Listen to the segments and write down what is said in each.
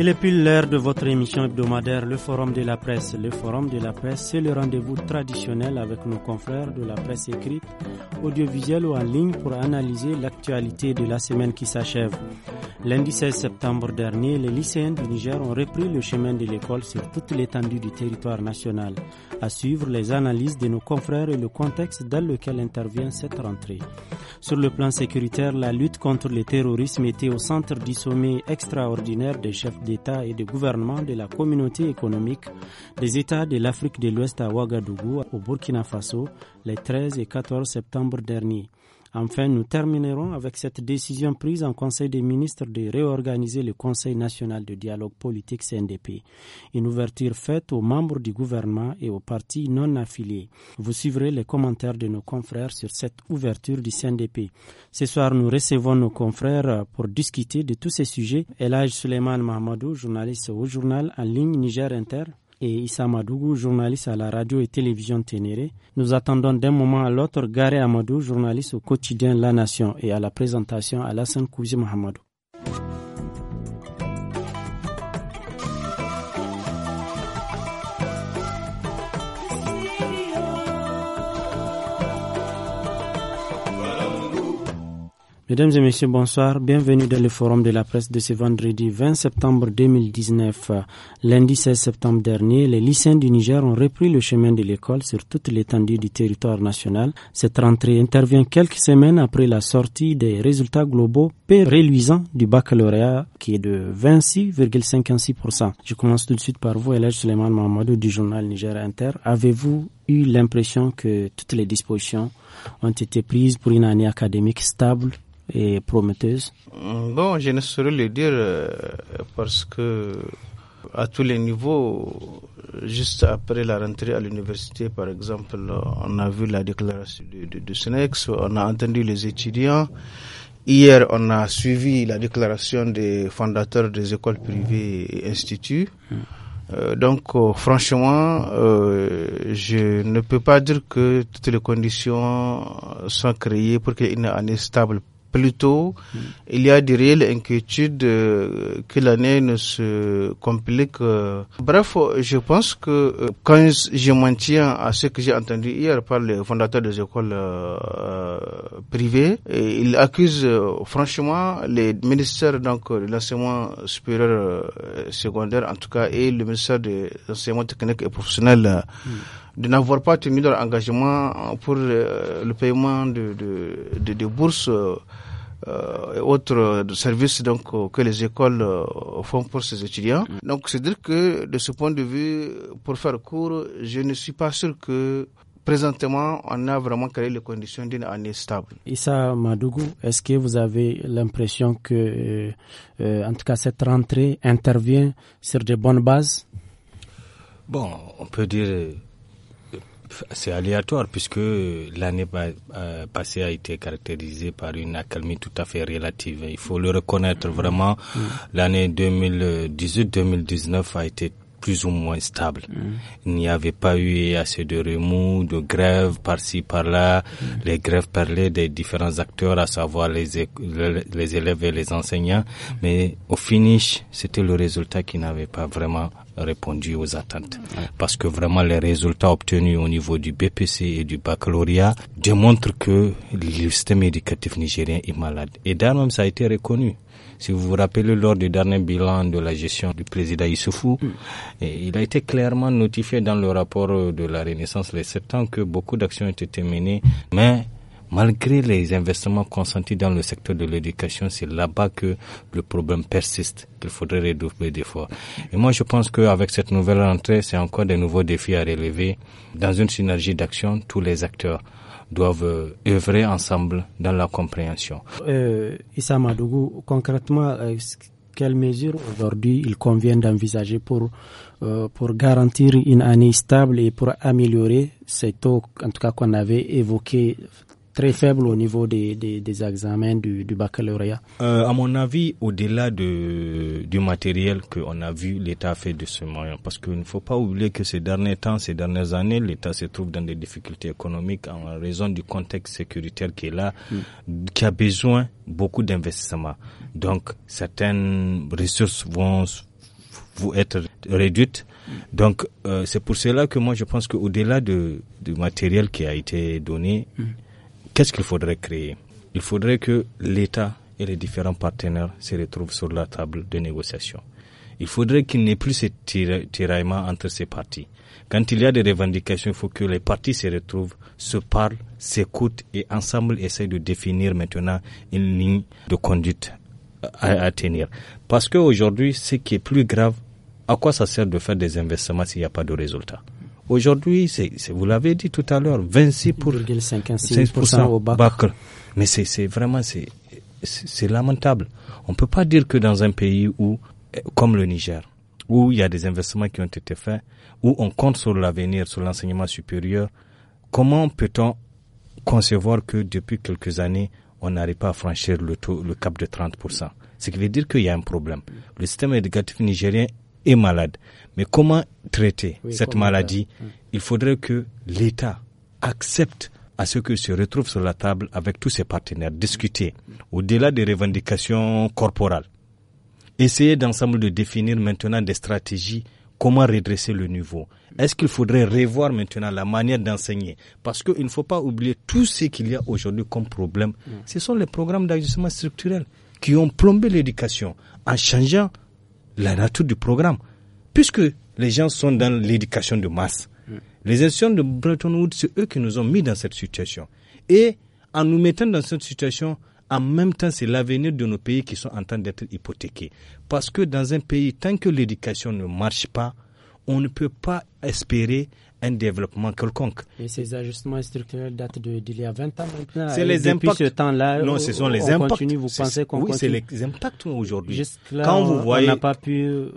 Il est plus l'heure de votre émission hebdomadaire, le Forum de la presse. Le Forum de la presse, c'est le rendez-vous traditionnel avec nos confrères de la presse écrite, audiovisuelle ou en ligne pour analyser l'actualité de la semaine qui s'achève. Lundi 16 septembre dernier, les lycéens du Niger ont repris le chemin de l'école sur toute l'étendue du territoire national. À suivre les analyses de nos confrères et le contexte dans lequel intervient cette rentrée. Sur le plan sécuritaire, la lutte contre le terrorisme était au centre du sommet extraordinaire des chefs d'État et de gouvernement de la communauté économique des États de l'Afrique de l'Ouest à Ouagadougou au Burkina Faso les 13 et 14 septembre derniers. Enfin, nous terminerons avec cette décision prise en Conseil des ministres de réorganiser le Conseil national de dialogue politique CNDP, une ouverture faite aux membres du gouvernement et aux partis non affiliés. Vous suivrez les commentaires de nos confrères sur cette ouverture du CNDP. Ce soir, nous recevons nos confrères pour discuter de tous ces sujets. Elage Suleiman Mahamadou, journaliste au journal en ligne Niger Inter et Issa Madougou, journaliste à la radio et télévision Ténéré. Nous attendons d'un moment à l'autre Gare Amadou, journaliste au quotidien La Nation et à la présentation à Alassane Kouzi Mohamedou. Mesdames et messieurs, bonsoir. Bienvenue dans le forum de la presse de ce vendredi 20 septembre 2019. Lundi 16 septembre dernier, les lycéens du Niger ont repris le chemin de l'école sur toute l'étendue du territoire national. Cette rentrée intervient quelques semaines après la sortie des résultats globaux peu du baccalauréat qui est de 26,56%. Je commence tout de suite par vous, Elège Suleiman Mamadou du journal Niger Inter. Avez-vous eu l'impression que toutes les dispositions ont été prises pour une année académique stable et prometteuse mm, Bon, je ne saurais le dire euh, parce que à tous les niveaux, juste après la rentrée à l'université, par exemple, on a vu la déclaration de, de, on a entendu les étudiants. Hier, on a suivi la déclaration des fondateurs des écoles privées et instituts. Mm. Euh, donc euh, franchement, euh, je ne peux pas dire que toutes les conditions sont créées pour qu'il y ait une année stable plutôt, mm. il y a des réelles inquiétudes euh, que l'année ne se complique. Euh. Bref, je pense que euh, quand je m'en tiens à ce que j'ai entendu hier par le fondateur des écoles privées, ils il accuse franchement les ministères donc de l'enseignement supérieur secondaire en tout cas et le ministère de l'enseignement technique et professionnel. Mm de n'avoir pas tenu leur engagement euh, pour euh, le paiement de, de, bourses euh, et autres services donc que les écoles font pour ces étudiants. Mm. Donc c'est dire que de ce point de vue, pour faire court, je ne suis pas sûr que présentement on a vraiment créé les conditions d'une année stable. Issa Madougou, est-ce que vous avez l'impression que, en tout cas, cette rentrée intervient sur de bonnes bases Bon, on peut dire c'est aléatoire puisque l'année euh, passée a été caractérisée par une accalmie tout à fait relative. Il faut le reconnaître vraiment. Mm. L'année 2018-2019 a été plus ou moins stable. Mm. Il n'y avait pas eu assez de remous, de grèves par-ci, par-là. Mm. Les grèves parlaient des différents acteurs, à savoir les, élèves et les enseignants. Mm. Mais au finish, c'était le résultat qui n'avait pas vraiment répondu aux attentes. Parce que vraiment les résultats obtenus au niveau du BPC et du baccalauréat démontrent que le système éducatif nigérien est malade. Et d'ailleurs, ça a été reconnu. Si vous vous rappelez, lors du dernier bilan de la gestion du président Issoufou, hmm. eh, il a été clairement notifié dans le rapport de la Renaissance les sept ans que beaucoup d'actions ont été menées, mais malgré les investissements consentis dans le secteur de l'éducation, c'est là-bas que le problème persiste, qu'il faudrait redoubler d'efforts. Et moi, je pense qu'avec cette nouvelle rentrée, c'est encore des nouveaux défis à relever dans une synergie d'action, tous les acteurs doivent euh, œuvrer ensemble dans la compréhension. Euh, Issa Madougou, concrètement, quelles mesures aujourd'hui il convient d'envisager pour, euh, pour garantir une année stable et pour améliorer ces taux, en tout cas qu'on avait évoqué très faible au niveau des, des, examens du, baccalauréat euh, À mon avis, au-delà de, du matériel qu'on a vu, l'État fait de ce moyen. Parce qu'il ne faut pas oublier que ces derniers temps, ces dernières années, l'État se trouve dans des difficultés économiques en raison du contexte sécuritaire qui est là, mm. qui a besoin beaucoup d'investissements. Donc, certaines ressources vont être réduites. Donc, euh, c'est pour cela que moi, je pense qu'au-delà du matériel qui a été donné, mm. Qu'est-ce qu'il faudrait créer Il faudrait que l'État et les différents partenaires se retrouvent sur la table de négociation. Il faudrait qu'il n'y ait plus ce tiraillement entre ces parties. Quand il y a des revendications, il faut que les parties se retrouvent, se parlent, s'écoutent et ensemble essayent de définir maintenant une ligne de conduite à, tenir. Parce qu'aujourd'hui, ce qui est plus grave, à quoi ça sert de faire des investissements s'il n'y a pas de résultats Aujourd'hui, c'est vous l'avez dit tout à l'heure, 26% au bac. Mais c'est vraiment c'est lamentable. On ne peut pas dire que dans un pays où, eh, comme le Niger, où il y a des investissements qui ont été faits, où on compte sur l'avenir, sur l'enseignement supérieur, comment peut-on concevoir que depuis quelques années, on n'arrive pas à franchir le, taux, le cap de 30% Ce qui veut dire qu'il y a un problème. Le système éducatif nigérien est malade. Mais comment traiter cette maladie hum. Il faudrait que l'État accepte à ce que se retrouve sur la table avec tous ses partenaires, discuter au-delà des revendications corporales. Essayer d'ensemble de définir maintenant des stratégies, comment redresser le niveau. Est-ce qu'il faudrait revoir maintenant la manière d'enseigner Parce qu'il ne faut pas oublier tout ce qu'il y a aujourd'hui comme problème. Hum. Ce sont les programmes d'ajustement structurel qui ont plombé l'éducation en changeant la nature du programme puisque les gens sont dans l'éducation de masse. Mm. Les institutions de Bretton Woods, c'est eux qui nous ont mis dans cette situation. Et en nous mettant dans cette situation, en même temps, c'est l'avenir de nos pays qui sont en train d'être hypothéqués. Parce que dans un pays, tant que l'éducation ne marche pas, on ne peut pas espérer un développement quelconque. Et ces ajustements structurels datent d'il y a 20 ans maintenant. C'est les impacts. ce temps-là, ce sont les on impacts. Continue, vous pensez qu'on Oui, c'est les impacts aujourd'hui. Quand vous voyez, on pas pu. Euh,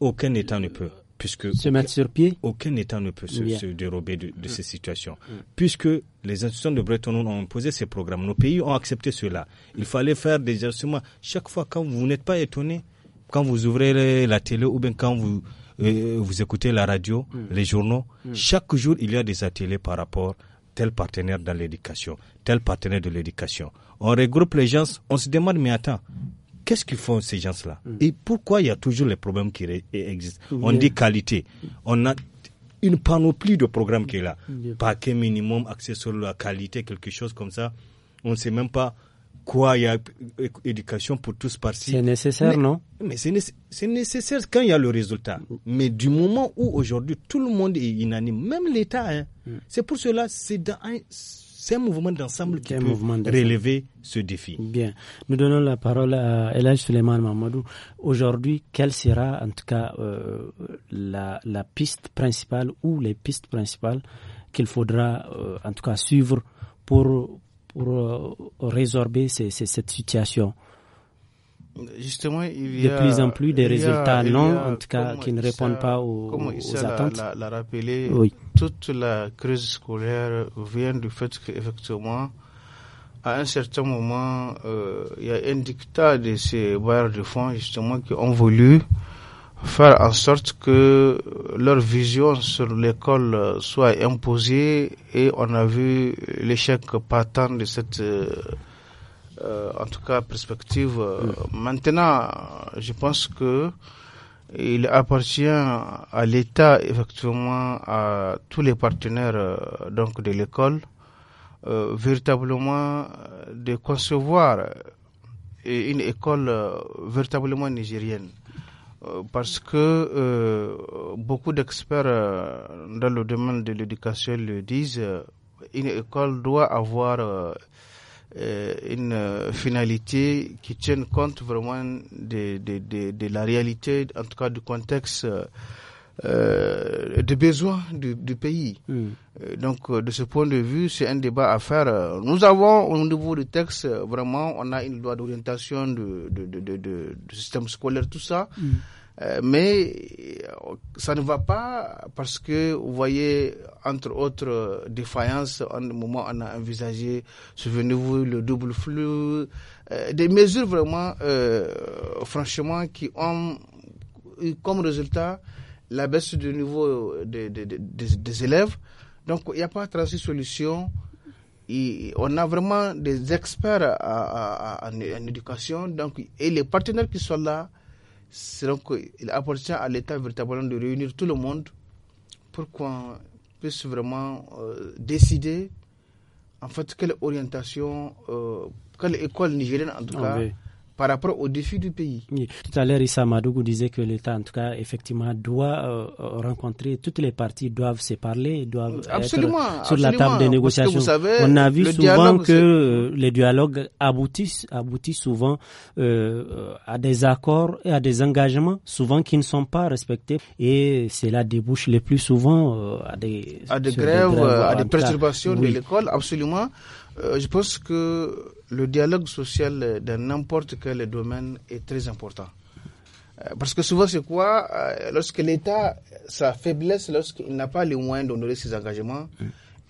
aucun État ne peut. Puisque se mettre sur pied. Aucun État ne peut se, dérober de, mm. ces situations. Mm. Puisque les institutions de Bretton Woods ont imposé ces programmes, nos pays ont accepté cela. Il fallait faire des ajustements. Chaque fois, quand vous n'êtes pas étonné, quand vous ouvrez la télé ou bien quand vous vous écoutez la radio, mm. les journaux, mm. chaque jour il y a des ateliers par rapport tel partenaire dans l'éducation, tel partenaire de l'éducation. On regroupe les gens, on se demande mais attends, qu'est-ce qu'ils font ces gens-là mm. Et pourquoi il y a toujours les problèmes qui existent On dit qualité, on a une panoplie de programmes qui est là, paquet minimum accès sur la qualité, quelque chose comme ça. On ne sait même pas quoi Il y a euh, éducation pour tous par-ci. C'est nécessaire, non Mais c'est nécessaire quand il y a le résultat. Mm. Mais du moment où aujourd'hui tout le monde est inanime, même l'État, hein. mm. c'est pour cela, c'est un, un, mouvement d'ensemble qui peut mouvement relever ce défi. Bien. Nous donnons la parole à Elhadj Suleiman Mamadou. Aujourd'hui, quelle sera en tout cas euh, la, la, piste principale ou les pistes principales qu'il faudra euh, en tout cas suivre pour pour euh, résorber cette situation Justement, il y a, de plus en plus des résultats non, en tout cas, qui ne répondent pas aux, comme attentes. La, la, la oui. toute la crise scolaire vient du fait qu'effectivement, à un certain moment, euh, il y a un dictat de ces bailleurs de fonds justement qui ont voulu faire en sorte que leur vision sur l'école soit imposée et on a vu l'échec patent de cette euh, en tout cas perspective. Mm. Maintenant, je pense que il appartient à l'État effectivement à tous les partenaires euh, donc de l'école euh, véritablement de concevoir une école véritablement nigérienne euh, parce que euh, beaucoup d'experts euh, dans le domaine de l'éducation le disent, une école doit avoir une finalité qui tienne compte vraiment de, de, la réalité, en tout cas du contexte euh, des besoins du, pays. Mm. Euh, donc, euh, de ce point de vue, c'est un débat à faire. Nous avons, au niveau du texte, vraiment, on a une loi d'orientation du de, de, système scolaire, tout ça. Mm. mais ça ne va pas parce que, vous voyez, entre autres défaillances, en un moment, on a envisagé, souvenez-vous, le double flux, des mesures vraiment, franchement, qui ont eu comme résultat la baisse du niveau euh, des, des, des, élèves. Donc, il n'y a pas 36 solutions. Et on a vraiment des experts en, éducation. Donc, et les partenaires qui sont là, c'est donc, il appartient à l'État véritablement de réunir tout le monde pour qu'on puisse vraiment euh, décider en fait quelle orientation, euh, quelle école nigérienne en tout ah cas par rapport aux défis du pays. Tout à l'heure, Issa Madougou disait que l'État, en tout cas, effectivement, doit euh, rencontrer, toutes les parties doivent se parler, doivent être sur la table des négociations. On a vu souvent que euh, les dialogues aboutissent, aboutissent souvent euh, à des accords et à des engagements, souvent qui ne sont pas respectés. Et cela débouche le plus souvent à des, à des, grèves, à des perturbations de l'école, absolument. je pense que le dialogue social euh, dans n'importe quel domaine est très important. Euh, parce que souvent, c'est quoi euh, Lorsque l'État, sa faiblesse, lorsqu'il n'a pas les moyens d'honorer ses engagements,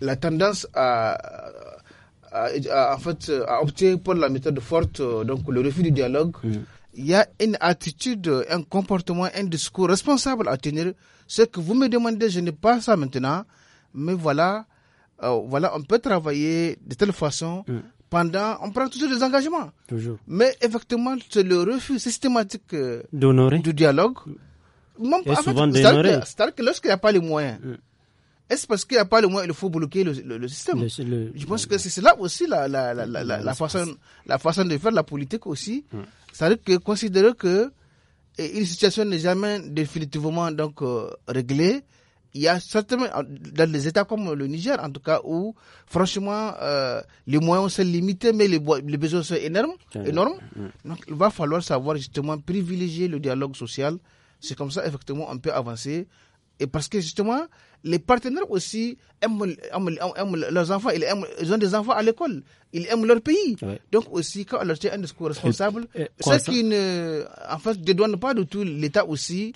la tendance à, en fait, à opter pour la méthode forte, donc le refus du dialogue, il y a une attitude, un comportement, un discours responsable à tenir. Ce que vous me demandez, je n'ai pas ça maintenant, mais voilà, voilà, on peut travailler de telle façon pendant, on prend toujours des engagements. Toujours. Mais effectivement, c'est le refus systématique euh, du dialogue. Même, et souvent C'est-à-dire que lorsqu'il n'y a pas les moyens, euh. est-ce parce qu'il n'y a pas les moyens, il faut bloquer le, système Je pense que c'est là aussi la, la, la, la façon, la façon de faire la politique aussi. C'est-à-dire que considérer que une situation n'est jamais définitivement donc euh, réglée, il y a certainement, dans les États comme le Niger, en tout cas, où, franchement, euh, les moyens sont limités, mais les, besoins sont énormes, énormes. Mm. Donc, il va falloir savoir justement privilégier le dialogue social. C'est comme ça, effectivement, on peut avancer. Et parce que justement, les partenaires aussi aiment, leurs enfants, ils, ils, ont des enfants à l'école, ils aiment leur pays. Donc aussi, quand on leur tient un discours responsable, c'est qui ne, en fait, pas du tout l'État aussi,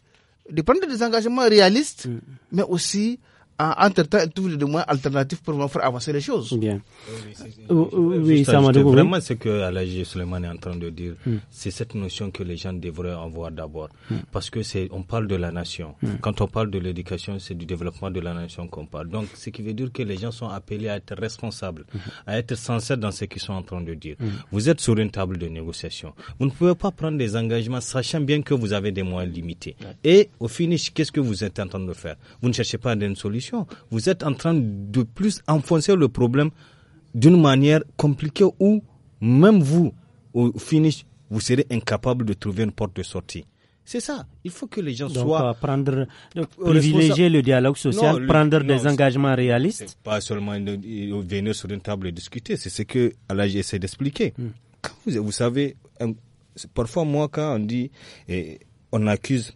de prendre des engagements réalistes, mm. mais aussi entre-temps, elle trouve des moyens alternatifs pour faire avancer les choses. Bien. Oui, ça m'a Vraiment, ce que Alagé Suleiman est en train de dire, hmm. c'est cette notion que les gens devraient avoir d'abord. Hmm. Parce que c'est, on parle de la nation. Hmm. Quand on parle de l'éducation, c'est du développement de la nation qu'on parle. Donc, ce qui veut dire que les gens sont appelés à être responsables, à être sincères dans ce qu'ils sont en train de dire. Vous êtes sur une table de négociation. Vous ne pouvez pas prendre des engagements sachant bien que vous avez des moyens limités. Et au finish, qu'est-ce que vous êtes en train de faire Vous ne cherchez pas une solution vous êtes en train de plus enfoncer le problème d'une manière compliquée où même vous, au finish, vous serez incapable de trouver une porte de sortie. C'est ça. Il faut que les gens Donc, soient. Euh, prendre, euh, privilégier le dialogue social, prendre des engagements réalistes. Pas seulement venir sur une table et discuter. C'est ce que là j'essaie d'expliquer. Hmm. vous, savez, euh, parfois, moi, quand on dit, on accuse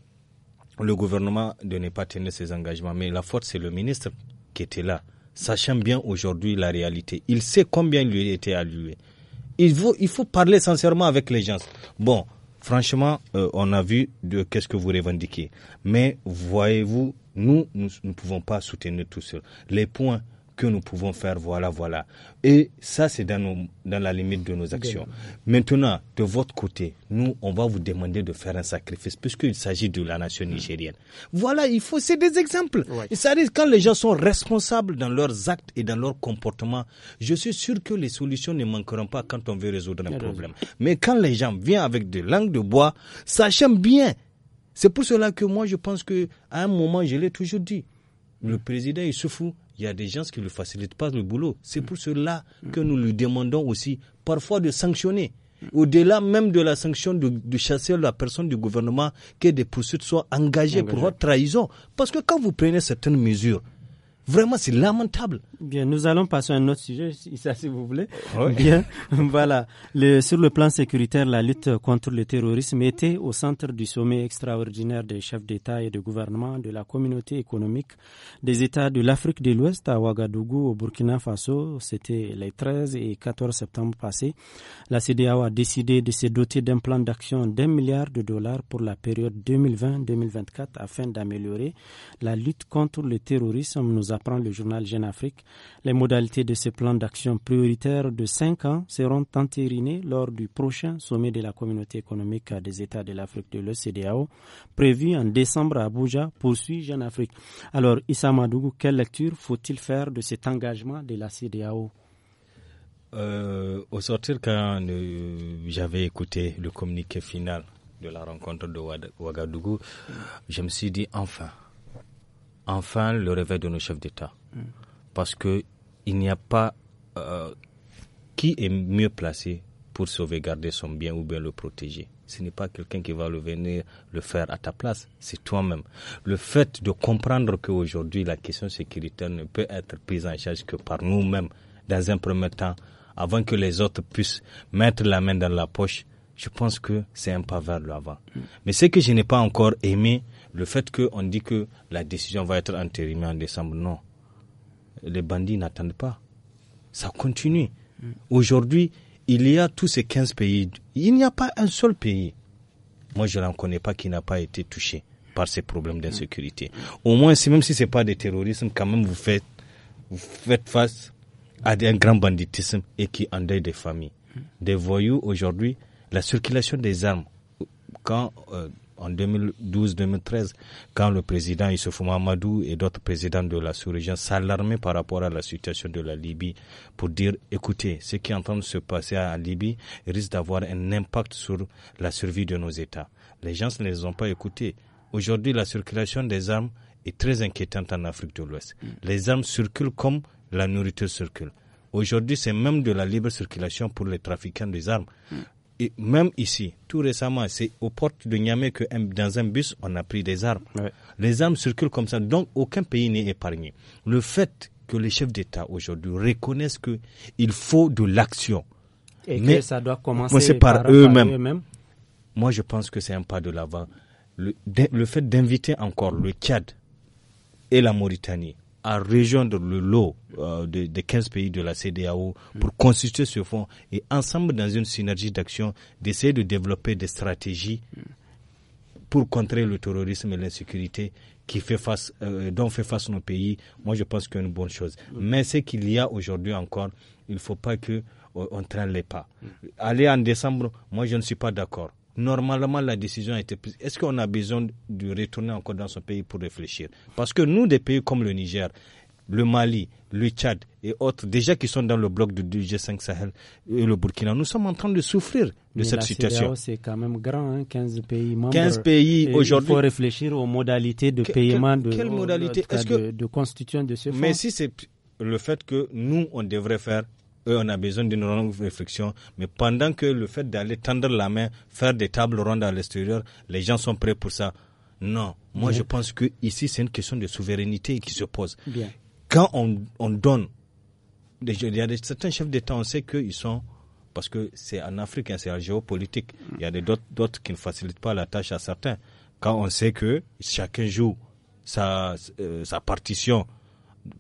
le gouvernement de ne pas tenir ses engagements. Mais la faute, c'est le ministre qui était là, sachant bien aujourd'hui la réalité. Il sait combien il lui était alloué. Il faut, il faut parler sincèrement avec les gens. Bon, franchement, euh, on a vu de qu'est-ce que vous revendiquez. Mais voyez-vous, nous, nous ne pouvons pas soutenir tout seul. Les points que nous pouvons faire, voilà, voilà. Et ça, c'est dans, dans la limite de nos actions. Maintenant, de votre côté, nous, on va vous demander de faire un sacrifice, puisqu'il s'agit de la nation hmm. nigérienne. Voilà, il faut, c'est des exemples. ça arrive quand les gens sont responsables dans leurs actes et dans leur comportement. Je suis sûr que les solutions ne manqueront pas quand on veut résoudre un problème. Mais quand les gens viennent avec des langues de bois, sachant bien, c'est pour cela que moi, je pense que, à un moment, je l'ai toujours dit, le président, il se fout. Il y a des gens qui ne facilitent pas le boulot. C'est pour cela que nous lui demandons aussi parfois de sanctionner. Au-delà même de la sanction de, chasser la personne du gouvernement, que des poursuites soient engagées pour votre trahison. Parce que quand vous prenez certaines mesures, Vraiment, c'est lamentable. Bien, nous allons passer à un autre sujet, ça, si vous voulez. Bien, voilà. sur le plan sécuritaire, la lutte contre le terrorisme était au centre du sommet extraordinaire des chefs d'État et de gouvernement de la communauté économique des États de l'Afrique de l'Ouest à Ouagadougou, au Burkina Faso. C'était les 13 et 14 septembre passés. La CDAO a décidé de se doter d'un plan d'action d'un milliard de dollars pour la période 2020-2024 afin d'améliorer la lutte contre le terrorisme. Nous prend le journal Jeune Afrique, les modalités de ce plan d'action prioritaire de 5 ans seront entérinées lors du prochain sommet de la communauté économique des États de l'Afrique de l'OCDAO, prévu en décembre à Abuja, poursuit Jeune Afrique. Alors, Issa Madougou, quelle lecture faut-il faire de cet engagement de la CDAO euh, Au sortir, quand euh, j'avais écouté le communiqué final de la rencontre de Ouagadougou, je me suis dit enfin enfin le réveil de nos chefs d'État. Mm. Parce qu'il n'y a pas euh, qui est mieux placé pour sauvegarder son bien ou bien le protéger. Ce n'est pas quelqu'un qui va le venir le faire à ta place, c'est toi-même. Le fait de comprendre qu'aujourd'hui la question sécuritaire ne peut être prise en charge que par nous-mêmes, dans un premier temps, avant que les autres puissent mettre la main dans la poche, je pense que c'est un pas vers l'avant. Mm. Mais ce que je n'ai pas encore aimé, le fait qu'on dit que la décision va être entérimée en décembre, non. Les bandits n'attendent pas. Ça continue. Mm. Aujourd'hui, il y a tous ces 15 pays. Il n'y a pas un seul pays, moi je n'en connais pas, qui n'a pas été touché par ces problèmes d'insécurité. Mm. Au moins, même si ce n'est pas des terrorisme, quand même, vous faites, vous faites face à un grand banditisme et qui endeuille des familles. Mm. Des voyous, aujourd'hui, la circulation des armes, quand euh, en 2012-2013, quand le président Issoufou Mamadou et d'autres présidents de la sous-région s'alarmaient par rapport à la situation de la Libye pour dire, écoutez, ce qui est en train de se passer en Libye risque d'avoir un impact sur la survie de nos États. Les gens ne les ont pas écoutés. Aujourd'hui, la circulation des armes est très inquiétante en Afrique de l'Ouest. Mm. Les armes circulent comme la nourriture circule. Aujourd'hui, c'est même de la libre circulation pour les trafiquants des armes. Mm et même ici, tout récemment, c'est aux portes de Niamey que dans un bus, on a pris des armes. Les armes circulent comme ça, donc aucun pays n'est épargné. Le fait que les chefs d'État aujourd'hui reconnaissent qu'il faut de l'action. Et mais que ça doit commencer par, eux-mêmes. Moi, je pense que c'est un pas de l'avant. Le, le fait d'inviter encore le Tchad et la Mauritanie à rejoindre le lot euh, des 15 pays de la CDAO pour constituer ce fonds et ensemble dans une synergie d'action d'essayer de développer des stratégies pour contrer le terrorisme et l'insécurité qui fait face, euh, dont fait face nos pays, moi je pense que c'est une bonne chose. Mais ce qu'il y a aujourd'hui encore, il ne faut pas que euh, on traîne les pas. Aller en décembre, moi je ne suis pas d'accord normalement la décision a été prise. Est-ce qu'on a besoin de retourner encore dans son pays pour réfléchir Parce que nous, des pays comme le Niger, le Mali, le Tchad et autres, déjà qui sont dans le bloc du G5 Sahel et le Burkina, nous sommes en train de souffrir de Mais cette la situation. C'est quand même grand, 15 hein, pays membres. 15 pays aujourd'hui. Il faut réfléchir aux modalités de paiement de, quelle modalité? de, constitution de ce fonds. Mais si c'est le fait que nous, on devrait faire on a besoin d'une longue réflexion. Mais pendant que le fait d'aller tendre la main, faire des tables rondes à l'extérieur, les gens sont prêts pour ça. Non. Moi, je pense que ici, c'est une question de souveraineté qui se pose. Quand on, on donne, il y a certains chefs d'État, on sait qu'ils sont parce que c'est en Afrique, hein, c'est en géopolitique. Il y a d'autres qui ne facilitent pas la tâche à certains. Quand on sait que chacun joue sa, euh, sa partition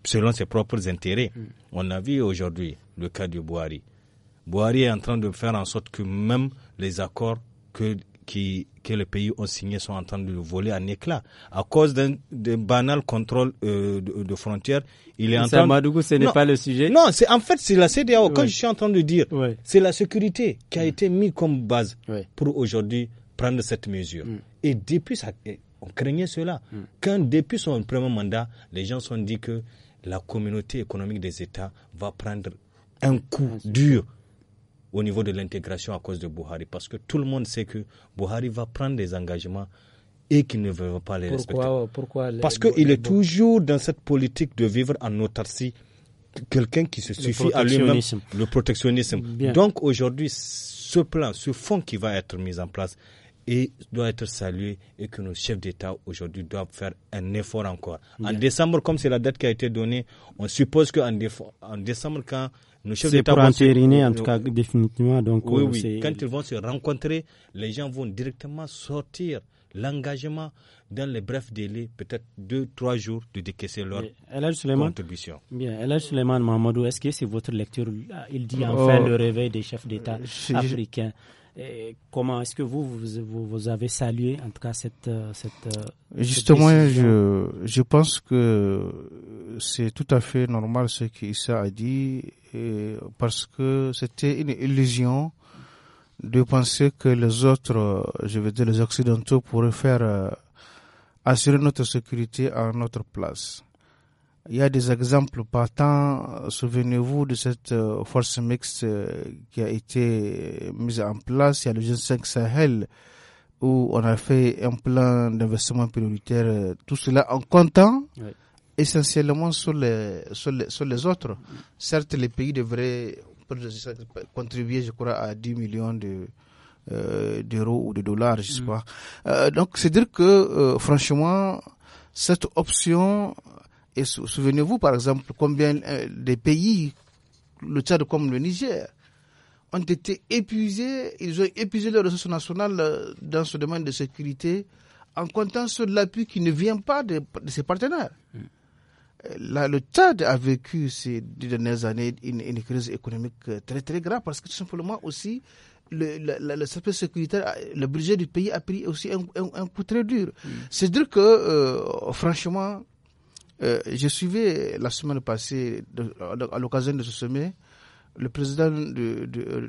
selon ses propres intérêts, mm. on a vu aujourd'hui le cas de Boari. Boari est en train de faire en sorte que même les accords que, qui, que les pays ont signés sont en train de le voler en éclats. À cause d'un banal contrôle euh, de, frontières, il est en train... Madougou, ce n'est pas le sujet Non, c'est en fait, c'est la CDAO. Quand je suis en train de dire, c'est la sécurité qui a mm. été mise comme base pour aujourd'hui prendre cette mesure. Mm. Et depuis, ça, on craignait cela. Mm. Quand depuis son premier mandat, les gens se sont dit que la communauté économique des États va prendre un coup dur au niveau de l'intégration à cause de Buhari. Parce que tout le monde sait que Buhari va prendre des engagements et qu'il ne veut pas les respecter. Pourquoi Parce qu'il est toujours dans cette politique de vivre en autarcie. Quelqu'un qui se suffit à lui-même, le protectionnisme. Donc aujourd'hui, ce plan, ce fonds qui va être mis en place et doit être salué et que nos chefs d'État aujourd'hui doivent faire un effort encore. En décembre, comme c'est la date qui a été donnée, on suppose qu'en en décembre, quand c'est chefs d'État en tout cas, définitivement. Donc, oui, euh, oui. Quand ils vont se rencontrer, les gens vont directement sortir l'engagement dans les brefs délais, peut-être deux, trois jours, de décaisser leur contribution. Bien, Elhaj Suleiman Mamadou, est-ce que c'est votre lecture ah, Il dit enfin oh. le réveil des chefs d'État africains. Et comment est-ce que vous, vous, vous, avez salué en tout cas cette... Euh, euh, cette Justement, je, je pense que c'est tout à fait normal ce qu'Issa a dit, et parce que c'était une illusion de penser que les autres, je veux dire les Occidentaux, pourraient faire euh, assurer notre sécurité à notre place. Il y a des exemples partants. Souvenez-vous de cette euh, force mixte euh, qui a été euh, mise en place. Il y a le G5 Sahel où on a fait un plan d'investissement prioritaire. Tout cela en comptant essentiellement sur les, sur les, autres. Certes, les pays devraient contribuer, je crois, à 10 millions de, d'euros ou de dollars, je sais mm. donc, c'est dire que, franchement, cette option et souvenez-vous, par exemple, combien euh, des pays, le Tchad comme le Niger, ont été épuisés, ils ont épuisé leurs ressources nationales euh, dans ce domaine de sécurité en comptant sur l'appui qui ne vient pas de, ses partenaires. Hmm. le Tchad a vécu ces dernières années une, crise économique euh, très très grave parce que tout simplement aussi le, secteur sécuritaire, le budget du pays a pris aussi un, coup très dur. Hmm. C'est dire que franchement, j'ai euh, je suivais la semaine passée, à l'occasion de ce sommet, le président du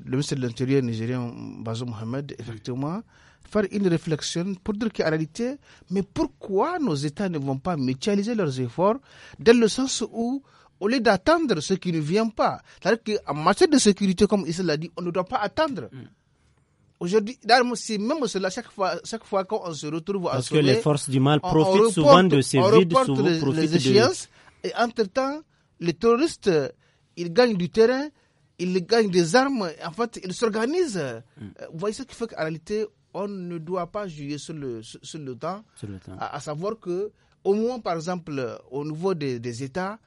ministère de l'Intérieur nigérien, Bazo Mohamed, effectivement, faire une réflexion pour dire qu'en réalité, mais pourquoi nos États ne vont pas mutualiser leurs efforts dans le sens où, au lieu d'attendre ce qui ne vient pas, c'est-à-dire qu'en matière de sécurité, comme Israël l'a dit, on ne doit pas attendre. Mm. Aujourd'hui, c'est même cela, chaque fois, chaque fois qu'on se retrouve à Parce que les forces du mal profitent souvent de ces vides, souvent profitent les échéances, Et entre-temps, les terroristes, ils gagnent du terrain, ils gagnent des armes, en fait, ils s'organisent. Hmm. Euh, vous voyez ce qui fait qu'en réalité, on ne doit pas juger sur le, sur, le temps, sur le temps. À, à, savoir que, au moins, par exemple, au niveau des, des États,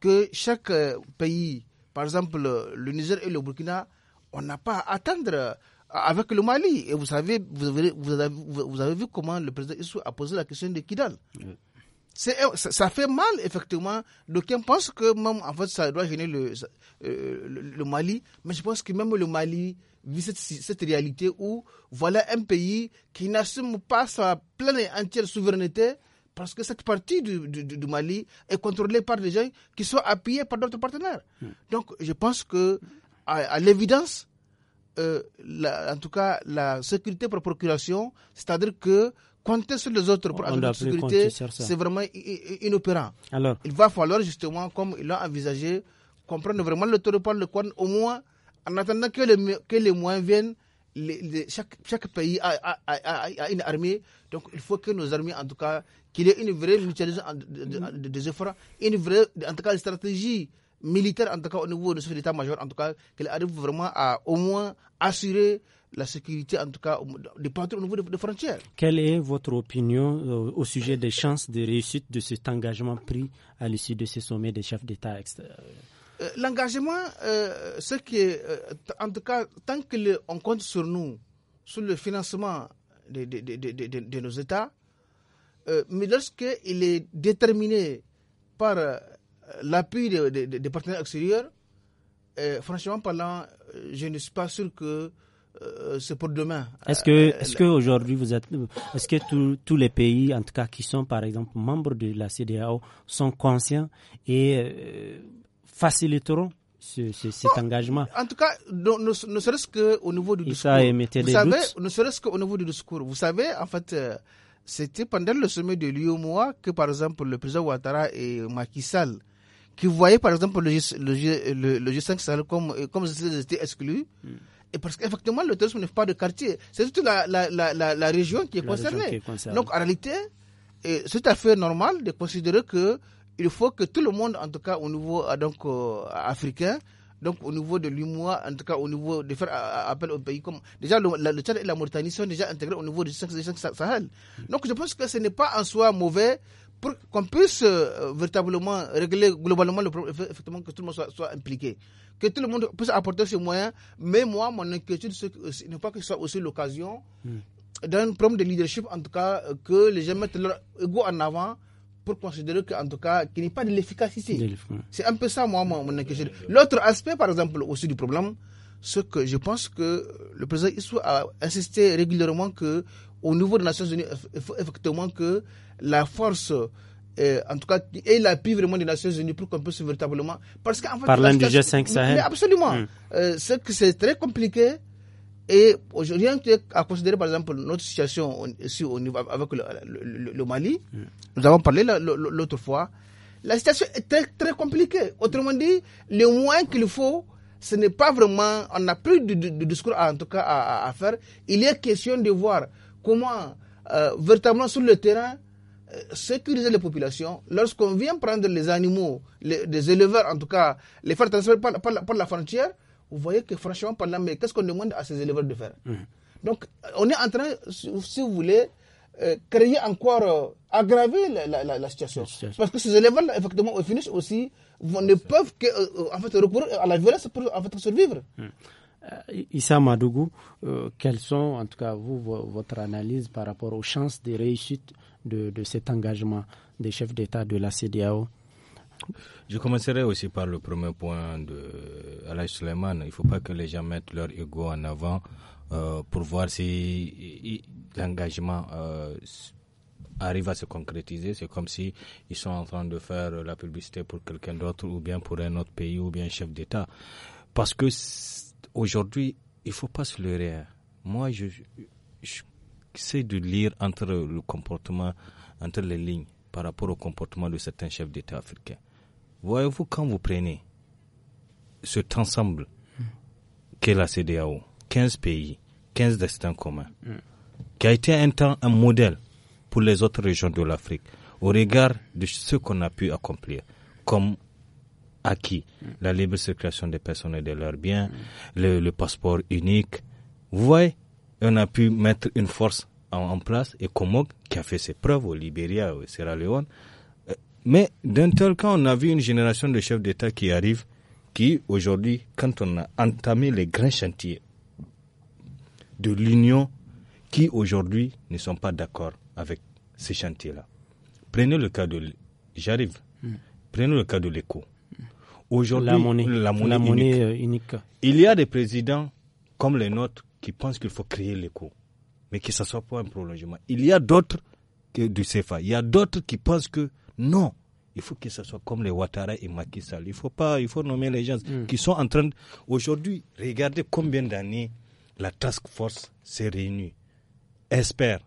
que chaque euh, pays, par exemple, le Niger et le Burkina, on n'a pas à attendre avec le Mali. Et vous savez, vous avez, vous avez, vu comment le président Issou a posé la question de Kidal. Ça, fait mal, effectivement. D'aucuns pensent que même, en fait, ça doit gêner euh, le, Mali. Mais je pense que même le Mali vit cette, cette réalité où voilà un pays qui n'assume pas sa pleine et entière souveraineté parce que cette partie du, du, Mali est contrôlée par des gens qui sont appuyés par d'autres partenaires. Hmm. Donc, je pense que, à l'évidence, euh, en tout cas la sécurité par procuration, c'est-à-dire que compter sur les autres pour la sécurité, c'est vraiment inopérant. Alors, il va falloir justement, comme il l'a envisagé, comprendre vraiment le tour de le coin, au moins en attendant que, les que les moyens viennent. chaque, chaque, pays a, une armée, donc il faut que nos armées, en tout cas, qu'il y ait une vraie mutualisation des de, efforts, une vraie, en tout cas, stratégie militaire, en tout cas au niveau de son major en tout cas, qu'elle arrive vraiment à au moins assurer la sécurité, en tout cas, des partout au niveau des de frontières. Quelle est votre opinion euh, au sujet des chances de réussite de cet engagement pris à l'issue de ce sommet des chefs d'État extérieurs euh, L'engagement, euh, c'est que, en tout cas, tant qu'on compte sur nous, sur le financement de, de nos États, mais lorsqu'il est déterminé par l'appui des, partenaires extérieurs, franchement parlant, je ne suis pas sûr que euh, c'est pour demain. Est-ce que, euh, est-ce que aujourd'hui vous êtes, est-ce que tous les pays, en tout cas qui sont par exemple membres de la CDAO, sont conscients et euh, faciliteront cet engagement En tout cas, ne, ne, serait-ce qu'au niveau du discours. vous savez, serait-ce niveau du discours. Vous savez, en fait. c'était pendant le sommet de l'UOMOA que, par exemple, le président Ouattara et Macky Sall qui voyaient par exemple le, G5 Sahel comme, comme étaient exclus. Hmm. Et parce qu'effectivement, le terrorisme n'est pas de quartier, c'est toute la, la, la, la, région qui est, concernée. Donc en réalité, c'est tout à fait normal de considérer que il faut que tout le monde, en tout cas au niveau euh, donc, euh, africain, donc au niveau de l'UMOA, en tout cas au niveau de faire euh, appel aux pays comme déjà le, Tchad et la Mauritanie sont déjà intégrés au niveau du g 5 Sahel. Hmm. Donc je pense que ce n'est pas en soi mauvais pour qu'on puisse euh, véritablement régler globalement le problème, effectivement, que tout le monde soit, impliqué, que tout le monde puisse apporter ses moyens. Mais moi, mon inquiétude, euh, ce n'est pas que ce soit aussi l'occasion hmm. d'un problème de leadership, en tout cas, euh, que les gens mettent leur ego en avant pour considérer qu'en tout cas, qu'il n'y ait pas de l'efficacité. C'est un peu ça, moi, mon inquiétude. L'autre aspect, par exemple, aussi du problème, ce que je pense que le président Issou a insisté régulièrement que au niveau des Nations Unies, il faut effectivement que la force euh, en tout cas, et l'appui vraiment des Nations Unies pour qu'on puisse véritablement. Parce qu'en Parlant du G5 absolument. Ce hmm. euh, c'est que c'est très compliqué. Et aujourd'hui, à considérer par exemple notre situation ici au niveau avec le, Mali, hmm. nous avons parlé l'autre fois. La situation est très, très compliquée. Autrement dit, les moins qu'il faut ce n'est pas vraiment, on n'a plus de, discours en tout cas à, faire. Il est question de voir comment, euh, véritablement sur le terrain, euh, sécuriser les populations. Lorsqu'on vient prendre les animaux, les, éleveurs en tout cas, les faire transférer par, la frontière, vous voyez que franchement là, mais qu'est-ce qu'on demande à ces éleveurs de faire mmh. Donc on est en train, si, vous voulez, euh, créer encore, euh, aggraver la, situation. Parce que ces éleveurs effectivement, finissent aussi ne peuvent que, euh, euh, fait, recourir à la violence pour en fait, survivre. Hmm. Euh, Issa Madougou, quelle quelles sont, en tout cas, vous, votre analyse par rapport aux chances de réussite de, cet engagement des chefs d'État de la CDAO Je commencerai aussi par le premier point de Alain Il ne faut pas que les gens mettent leur ego en avant pour voir si l'engagement arrive à se concrétiser, c'est comme si ils sont en train de faire euh, la publicité pour quelqu'un d'autre ou bien pour un autre pays ou bien un chef d'État. Parce que aujourd'hui, il faut pas se leurrer. Hein. Moi, je, j'essaie de lire entre le comportement, entre les lignes par rapport au comportement de certains chefs d'État africains. Voyez-vous, quand vous prenez cet ensemble hmm. qu'est la CDAO, 15 pays, 15 destins communs, hmm. qui a été un temps un modèle pour les autres régions de l'Afrique au regard de ce qu'on a pu accomplir comme acquis, la libre circulation des personnes et de leurs biens, le, passeport unique. Vous voyez, on a pu mettre une force en, place et Komog, qui a fait ses preuves au Libéria, au Sierra Leone. Euh, mais d'un tel cas, on a vu une génération de chefs d'État qui arrivent, qui aujourd'hui, quand on a entamé les grands chantiers de l'Union, qui aujourd'hui ne sont pas d'accord avec ces chantiers-là. Prenez le cas de. J'arrive. Hmm. Prenez le cas de l'écho. Aujourd'hui, la monnaie, euh, unique. Il y a des présidents comme les nôtres qui pensent qu'il faut créer l'écho, mais que ce ne soit pas un prolongement. Il y a d'autres du CFA. Il y a d'autres qui pensent que non, il faut que ce soit comme les Ouattara et Macky Sall. Il faut pas, il faut nommer les gens hmm. qui sont en train. Aujourd'hui, regardez combien d'années la task force s'est réunie. Espère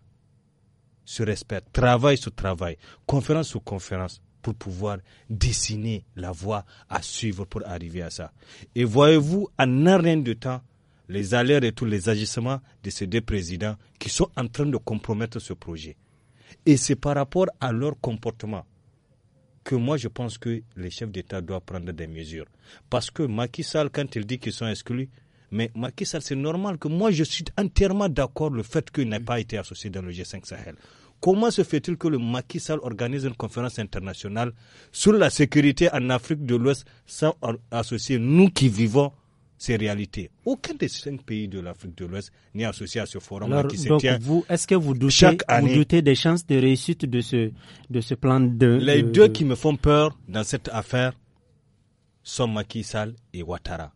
se respecte, travail sur travail, conférence sur conférence, pour pouvoir dessiner la voie à suivre pour arriver à ça. Et voyez-vous, en un rien de temps, les allers et tous les agissements de ces deux présidents qui sont en train de compromettre ce projet. Et c'est par rapport à leur comportement que moi je pense que les chefs d'État doivent prendre des mesures. Parce que Macky Sall, quand il dit qu'ils sont exclus, mais Macky Sall, c'est normal que moi, je suis entièrement d'accord le fait qu'il n'ait mm. pas été associé dans le G5 Sahel. Comment se fait-il que le Macky Sall organise une conférence internationale sur la sécurité en Afrique de l'Ouest sans associer nous qui vivons ces réalités. Aucun des cinq pays de l'Afrique de l'Ouest n'est associé à ce forum Vous, est-ce que vous doutez, doutez, des chances de réussite de ce, de ce plan de. Les deux qui me font peur dans cette affaire sont Macky Sall et Ouattara.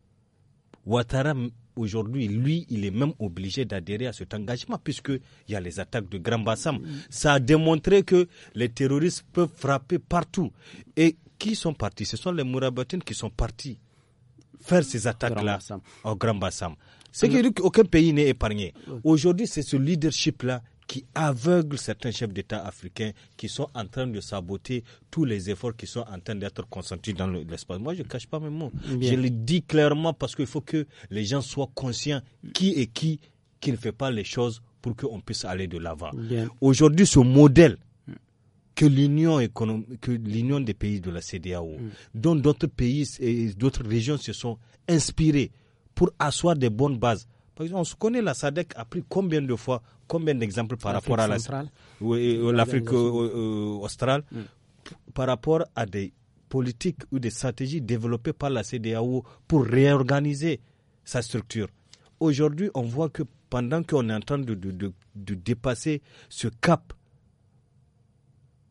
Ouattara, aujourd'hui, lui, il est même obligé d'adhérer à cet engagement, puisqu'il y a les attaques de Grand Bassam. Ça a démontré que les terroristes peuvent frapper partout. Et qui sont partis Ce sont les Mourabatines qui sont partis faire ces attaques-là au Grand Bassam. C'est qu'aucun pays n'est épargné. Aujourd'hui, c'est ce leadership-là qui aveugle certains chefs d'État africains qui sont en train de saboter tous les efforts qui sont en train d'être consentis dans l'espace. Moi, je ne cache pas mes mots. Je le dis clairement parce qu'il faut que les gens soient conscients qui est qui, qui ne fait pas les choses pour qu'on puisse aller de l'avant. Aujourd'hui, ce modèle que l'union des pays de la CDAO, mm. dont d'autres pays et d'autres régions se sont inspirés pour asseoir des bonnes bases on se connaît, la SADEC a pris combien de fois, combien d'exemples par rapport à euh, l'Afrique euh, euh, australe, mm. par rapport à des politiques ou des stratégies développées par la CDAO pour réorganiser sa structure. Aujourd'hui, on voit que pendant qu'on est en train de, de dépasser ce cap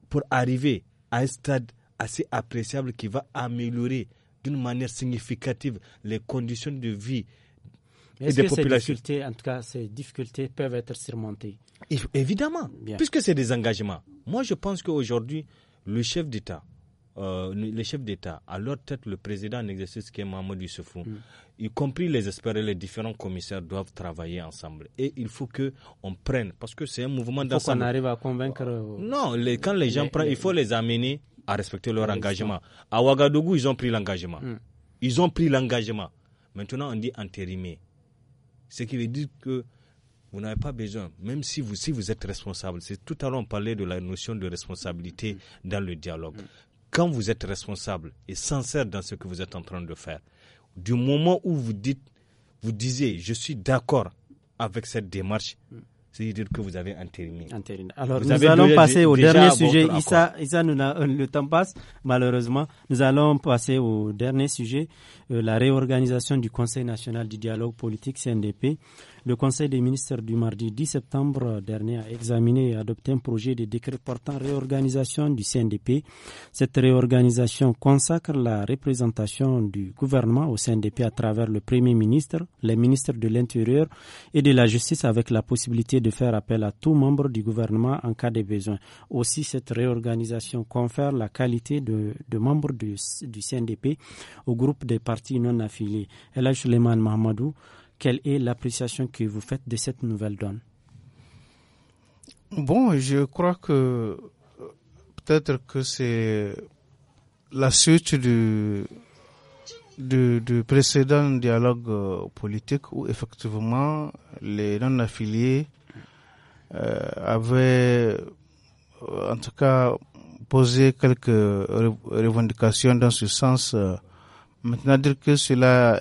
pour arriver à un stade assez appréciable qui va améliorer d'une manière significative les conditions de vie mais des populations. Ces en tout cas, ces difficultés peuvent être surmontées Évidemment, puisque c'est des engagements. Moi, je pense qu'aujourd'hui, le chef d'État, euh, les chefs d'État, à leur tête le président en exercice qui est Mahmoud Youssoufou, hmm. y compris les espérés, les différents commissaires doivent travailler ensemble. Et il faut que on prenne, parce que c'est un mouvement d'ensemble. qu'on arrive à convaincre. Euh, non, quand les gens prennent, il faut les amener à respecter leur engagement. À Ouagadougou, ils ont pris l'engagement. Hmm. Ils ont pris l'engagement. Maintenant, on dit entérimer. Ce qui veut dire que vous n'avez pas besoin, même si vous, si vous êtes responsable. C'est tout à l'heure on parlait de la notion de responsabilité dans le dialogue. Quand vous êtes responsable et sincère dans ce que vous êtes en train de faire, du moment où vous dites, vous disiez, je suis d'accord avec cette démarche, c'est-à-dire que vous avez entériné. Alors, nous allons passer au dernier sujet. Euh, le temps passe, malheureusement. Nous allons passer au dernier sujet, euh, la réorganisation du Conseil national du dialogue politique, CNDP. Le Conseil des ministres du mardi 10 septembre dernier a examiné et adopté un projet de décret portant réorganisation du CNDP. Cette réorganisation consacre la représentation du gouvernement au CNDP à travers le Premier ministre, les ministres de l'Intérieur et de la Justice avec la possibilité de faire appel à tout membre du gouvernement en cas de besoin. Aussi, cette réorganisation confère la qualité de, de membre du, du, CNDP au groupe des partis non affiliés. Et là, quelle est l'appréciation que vous faites de cette nouvelle donne Bon, je crois que peut-être que c'est la suite du, du, précédent dialogue euh, politique où effectivement les non-affiliés euh, avait euh, en tout cas posé quelques revendications dans ce sens. Euh. Maintenant, dire que cela,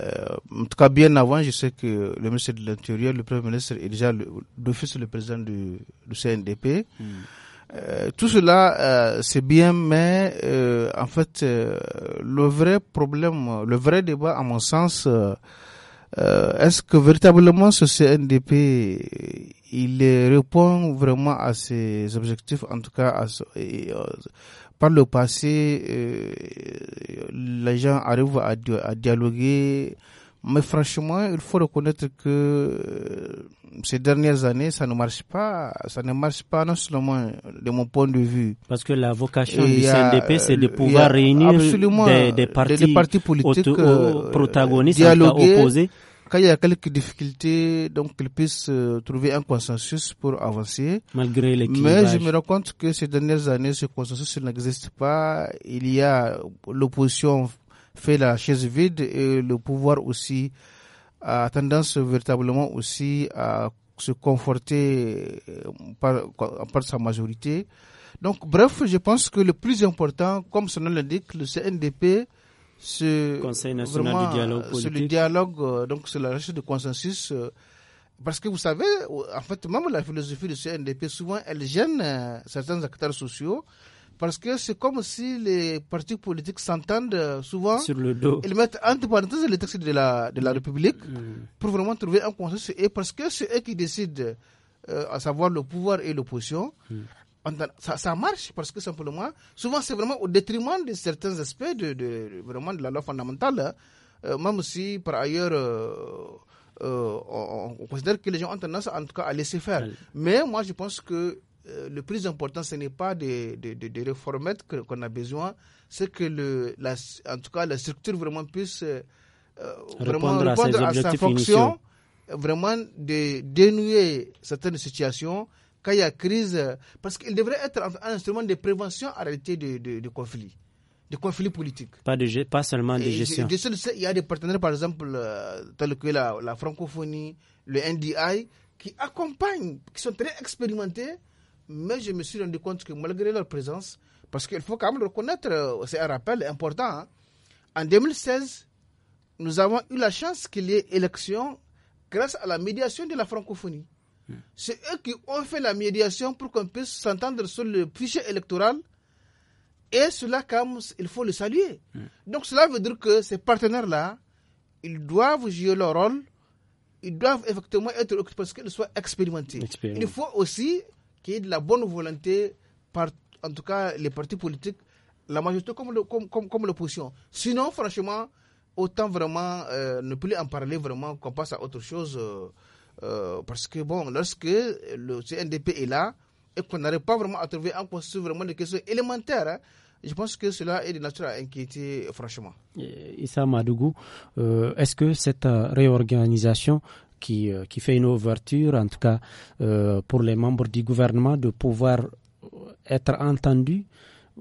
en tout cas bien avant, je sais que le ministre de l'Intérieur, le Premier ministre est déjà d'office le, le président du, du CNDP. Hmm. tout cela, c'est bien, mais en fait, le vrai problème, le vrai débat, à mon sens, euh, est-ce que véritablement ce CNDP, il répond vraiment à ses objectifs, en tout cas euh, par le passé, euh, les gens arrivent à dialoguer mais franchement, il faut reconnaître que euh, ces dernières années, ça ne marche pas. Ça ne marche pas non seulement de mon point de vue. Parce que la vocation du CNDP, c'est de pouvoir réunir des, partis politiques auto, euh, protagonistes, opposés quand il y a quelques difficultés, donc qu'ils puissent euh, trouver un consensus pour avancer. Malgré les Mais je me rends compte que ces dernières années, ce consensus n'existe pas. Il y a l'opposition fait la chaise vide et le pouvoir aussi a tendance véritablement aussi à se conforter euh, par, par sa majorité. Donc, bref, je pense que le plus important, comme son nom l'indique, le CNDP, c'est vraiment, du dialogue euh, politique. le dialogue, euh, donc c'est la recherche de consensus. Parce que vous savez, en fait, même la philosophie du CNDP, souvent, elle gêne certains acteurs sociaux parce que c'est comme si les partis politiques s'entendent euh, souvent. Sur le dos. Ils mettent entre parenthèses les textes de la, de la République mm. pour vraiment trouver un consensus. Et parce que c'est eux qui décident, euh, à savoir le pouvoir et l'opposition, mm. ça, marche parce que simplement, souvent c'est vraiment au détriment de certains aspects de, vraiment de la loi fondamentale. Euh, même si par ailleurs. on, on, considère que les gens ont tendance en tout cas à laisser faire. Mais moi je pense que euh, le plus important, ce n'est pas de de ce qu'on a besoin, c'est que, le, la, en tout cas, la structure vraiment puisse euh, euh, vraiment répondre, à, sa fonction, vraiment de dénouer certaines situations quand il y a crise, parce qu'il devrait être un instrument de prévention en réalité de, de, de conflits de conflits politiques. Pas, de, pas seulement de gestion. il y a des partenaires, par exemple, tels que la, la, francophonie, le NDI, qui accompagnent, qui sont très expérimentés mais je me suis rendu compte que malgré leur présence, parce qu'il faut quand même reconnaître, euh, c'est un rappel important, hein, en 2016, nous avons eu la chance qu'il y ait élection grâce à la médiation de la francophonie. C'est eux qui ont fait la médiation pour qu'on puisse s'entendre sur le fichier électoral. Et cela, comme il faut le saluer. Donc cela veut dire que ces partenaires-là, ils doivent jouer leur rôle, ils doivent effectivement être occupés parce qu'ils soient expérimentés. Il faut aussi de la bonne volonté par, en tout cas, les partis politiques, la majorité comme le, Comme, comme, comme Sinon, franchement, autant vraiment euh, ne plus en parler vraiment qu'on passe à autre chose. Euh, euh, parce que, bon, lorsque le CNDP est là et qu'on n'arrive pas vraiment à trouver un consensus vraiment des questions élémentaires, hein, je pense que cela est de nature à inquiéter, franchement. Issa Madougou, est-ce que cette réorganisation euh, qui, fait une ouverture, en tout cas euh, pour les membres du gouvernement, de pouvoir être entendus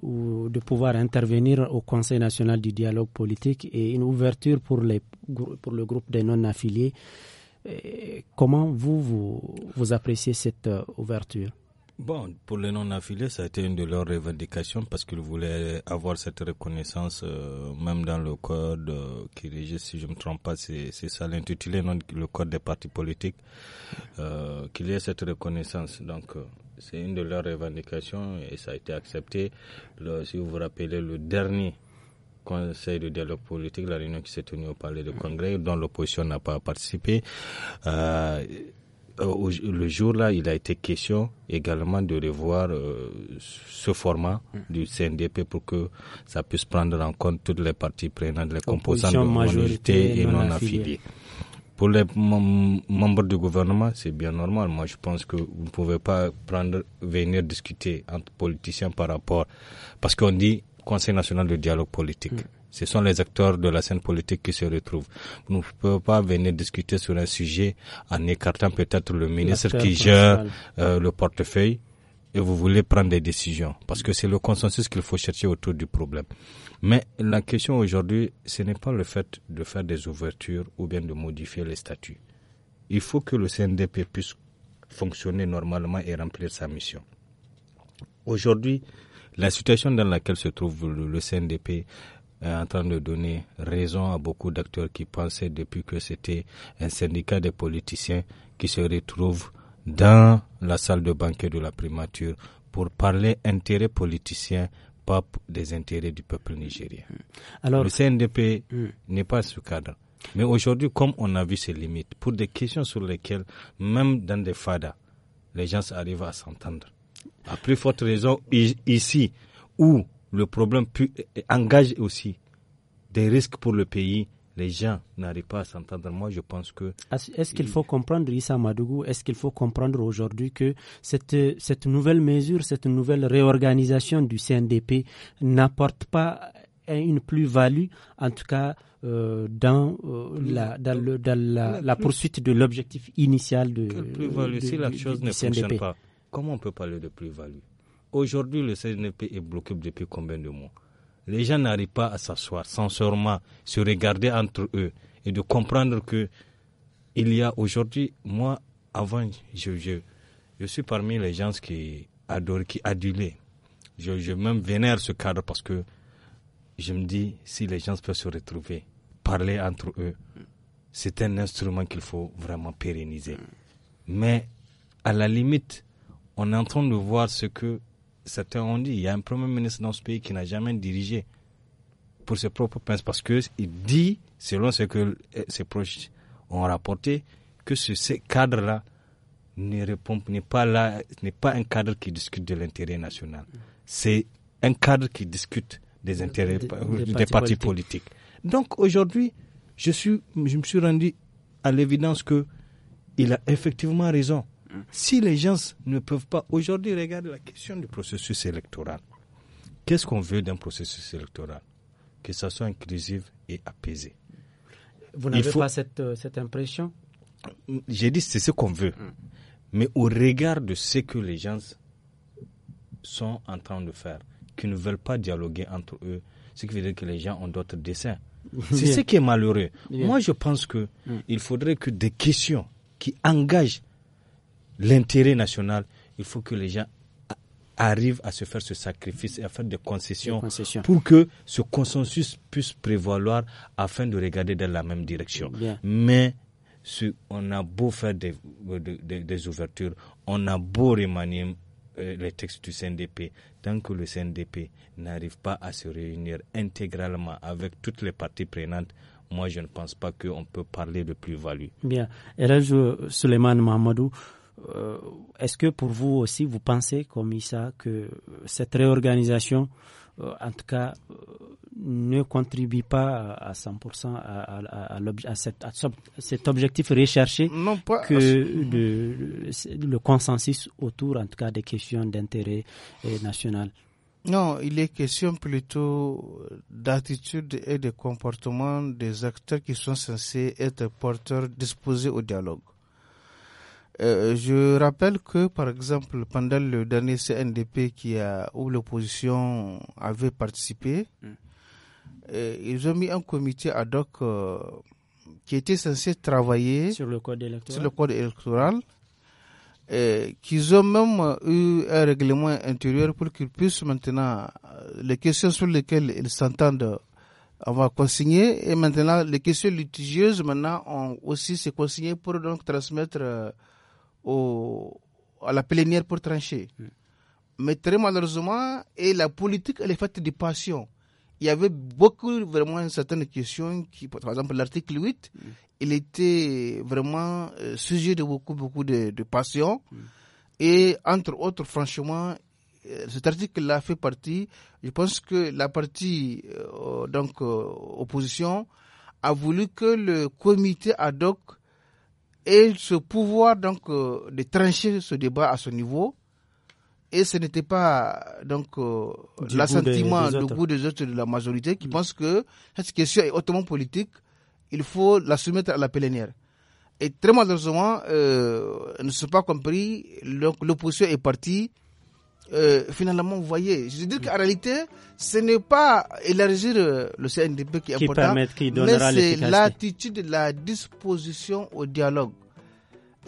ou de pouvoir intervenir au Conseil national du dialogue politique et une ouverture pour, les, pour le groupe des non-affiliés. Comment vous, vous appréciez cette euh, ouverture Bon, pour les non-affiliés, ça a été une de leurs revendications parce qu'ils voulaient avoir cette reconnaissance, euh, même dans le code euh, qui régit, si je me trompe pas, c'est ça l'intitulé, le code des partis politiques, euh, qu'il y ait cette reconnaissance. Donc, c'est une de leurs revendications et ça a été accepté. si vous vous rappelez, le dernier conseil de dialogue politique, la réunion qui s'est tenue au palais de Congrès, dont l'opposition n'a pas participé. Euh, euh, le jour-là, il a été question également de revoir euh, ce format mm. du CNDP pour que ça puisse prendre en compte toutes les parties prenantes, les composantes de majorité et non, affiliées. Pour les membres du gouvernement, c'est bien normal. Moi, je pense que vous ne pouvez pas prendre, venir discuter entre politiciens par rapport, parce qu'on dit Conseil national de dialogue politique. Mm. Ce sont les acteurs de la scène politique qui se retrouvent. Nous ne pouvez pas venir discuter sur un sujet en écartant peut-être le ministre qui gère euh, le portefeuille et vous voulez prendre des décisions parce que c'est le consensus qu'il faut chercher autour du problème. Mais la question aujourd'hui, ce n'est pas le fait de faire des ouvertures ou bien de modifier les statuts. Il faut que le CNDP puisse fonctionner normalement et remplir sa mission. Aujourd'hui, la situation dans laquelle se trouve le, CNDP est euh, en train de donner raison à beaucoup d'acteurs qui pensaient depuis que c'était un syndicat des politiciens qui se retrouvent dans la salle de banquet de la primature pour parler intérêts politiciens, pas des intérêts du peuple nigérien. Mm. Alors, le CNDP mm. n'est pas ce cadre. Mais aujourd'hui, comme on a vu ses limites, pour des questions sur lesquelles, même dans des fadas, les gens arrivent à s'entendre. À plus forte raison, ici, où le problème engage aussi des risques pour le pays. Les gens n'arrivent pas à s'entendre. Moi, je pense que. Ah, est-ce qu'il faut comprendre, Issa Madougou, est-ce qu'il faut comprendre aujourd'hui que cette, cette nouvelle mesure, cette nouvelle réorganisation du CNDP n'apporte pas une plus-value, en tout cas euh, dans, euh, la, dans, le, dans, la, poursuite de l'objectif initial de. Quelle plus-value si la chose ne fonctionne pas Comment on peut parler de plus-value Aujourd'hui, le CNP est bloqué depuis combien de mois Les gens n'arrivent pas à s'asseoir, sincèrement, se regarder entre eux et de comprendre que il y a aujourd'hui, moi, avant, je, suis parmi les gens qui adorent, qui adulaient. Je, je même vénère ce cadre parce que je me dis, si les gens peuvent se retrouver, parler entre eux, c'est un instrument qu'il faut vraiment pérenniser. Mais à la limite, on est en train de voir ce que certains ont dit, il y a un premier ministre dans ce pays qui n'a jamais dirigé pour ses propres pinces parce qu'il dit, selon ce que euh, ses proches ont rapporté, que ce, cadre-là n'est pas un cadre qui discute de l'intérêt national. C'est un cadre qui discute des intérêts des, partis, politiques. politiques. Donc aujourd'hui, je suis, je me suis rendu à l'évidence que il a effectivement raison. Si les gens ne peuvent pas, aujourd'hui, regarder la question du processus électoral. Qu'est-ce qu'on veut d'un processus électoral Que ça soit inclusif et apaisé. Vous n'avez pas cette, euh, impression mm, J'ai dit c'est ce qu'on veut. Mm. Mais au regard de ce que les gens sont en train de faire, qui ne veulent pas dialoguer entre eux, ce qui veut dire que les gens ont d'autres dessins. C'est ce qui est malheureux. Moi, je pense que mm. il faudrait que des questions qui engagent l'intérêt national, il faut que les gens arrivent à se faire ce sacrifice et à faire des concessions, pour que ce consensus puisse prévaloir afin de regarder dans la même direction. Mais on a beau faire euh, des, ouvertures, on a beau remanier euh, les textes du CNDP, tant que le CNDP n'arrive pas à se réunir intégralement avec toutes les parties prenantes, moi je ne pense pas qu'on peut parler de plus-value. Bien. Et là, je, Suleiman Mahamadou, euh, est-ce que pour vous aussi, vous pensez, comme Issa, que cette réorganisation, euh, en tout cas, euh, ne contribue pas à, 100% à, cet, objectif recherché que le, le, consensus autour, en tout cas, des questions d'intérêt national non, il est question plutôt d'attitude et de comportement des acteurs qui sont censés être porteurs disposés au dialogue. Euh, euh, je rappelle que, par exemple, pendant le dernier CNDP qui a, où l'opposition avait participé, hmm. euh, ils ont mis un comité ad hoc qui était censé travailler sur le code électoral, sur le code électoral qu'ils ont même eu un règlement intérieur pour qu'ils puissent maintenant, les questions sur lesquelles ils s'entendent, avoir consigné. et maintenant, les questions litigieuses, maintenant, ont aussi se consignées pour donc transmettre à la plénière pour trancher. Mm. Mais très malheureusement, et la politique, elle est faite de passion. Il y avait beaucoup, vraiment, certaines questions qui, par exemple, l'article 8, mm. il était vraiment euh, sujet de beaucoup, beaucoup de, passion. Mm. Et entre autres, franchement, euh, cet article-là fait partie, je pense que la partie euh, donc opposition a voulu que le comité ad hoc et ce pouvoir donc euh, de trancher ce débat à ce niveau et ce n'était pas donc euh, l'assentiment du goût des autres de la majorité qui mm. pensent que cette question est hautement politique il faut la soumettre à la plénière et très malheureusement euh, ne sont pas compris donc l'opposition est partie euh, finalement, vous voyez, je veux dire qu'en réalité, ce n'est pas élargir euh, le CNDP qui est important, mais c'est l'attitude, la disposition au dialogue.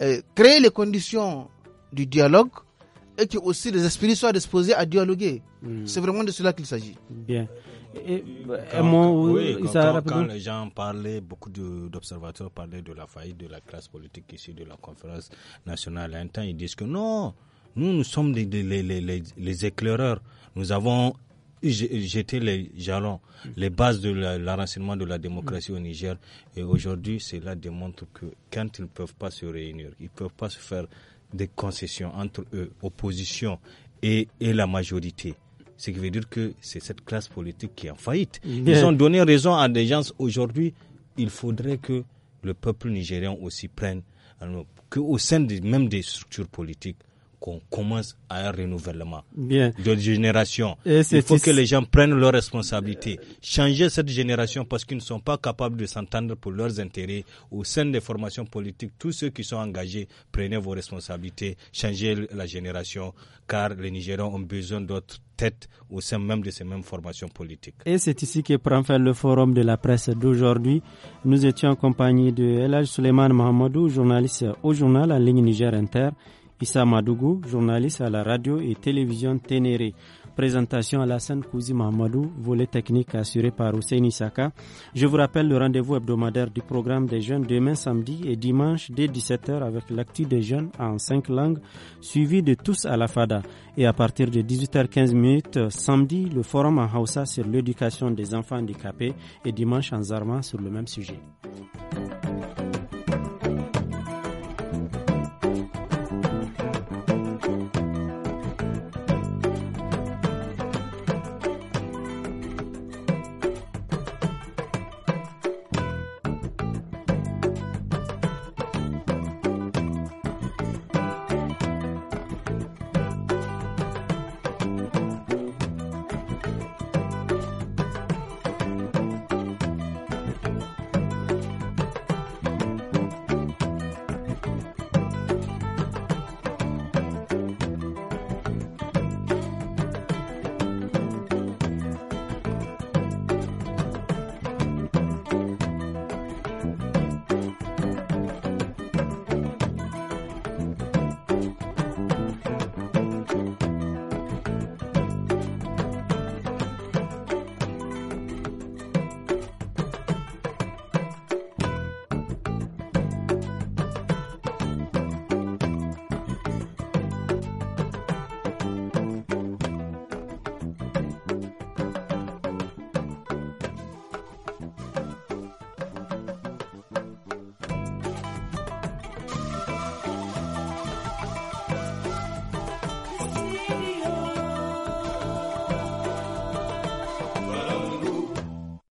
Euh, créer les conditions du dialogue et que aussi les esprits soient disposés à dialoguer. Hmm. C'est vraiment de cela qu'il s'agit. Bien. Et, quand, quand, les gens parlaient, beaucoup d'observateurs parlaient de la faillite de la classe politique ici, de la conférence nationale. Un temps, ils disent que non, nous, nous sommes les, les, éclaireurs. Nous avons jeté les jalons, les bases de l'enracinement de la démocratie au Niger. Et aujourd'hui, cela démontre que quand ils ne peuvent pas se réunir, ils ne peuvent pas se faire des concessions entre eux, opposition et, la majorité. Ce qui veut dire que c'est cette classe politique qui est en faillite. Ils ont donné raison à des gens aujourd'hui. Il faudrait que le peuple nigérien aussi prenne, euh, qu'au sein même des structures politiques, qu'on commence à un renouvellement Bien. de génération. Et Il faut que les gens prennent leurs responsabilités, changer cette génération parce qu'ils ne sont pas capables de s'entendre pour leurs intérêts au sein des formations politiques. Tous ceux qui sont engagés, prenez vos responsabilités, changez la génération, car les Nigériens ont besoin d'autres têtes au sein même de ces mêmes formations politiques. Et c'est ici que prend fin le forum de la presse d'aujourd'hui. Nous étions en compagnie de El Suleiman Mohamedou, journaliste au journal en ligne Niger Inter. Issa Madougou, journaliste à la radio et télévision Ténéré. Présentation à la scène Kouzi Mamadou, volet technique assuré par Hussein Isaka. Je vous rappelle le rendez-vous hebdomadaire du programme des jeunes demain samedi et dimanche dès 17h avec l'actu des jeunes en cinq langues, suivi de tous à la FADA. Et à partir de 18h15 samedi, le forum en Hausa sur l'éducation des enfants handicapés et dimanche en Zarma sur le même sujet.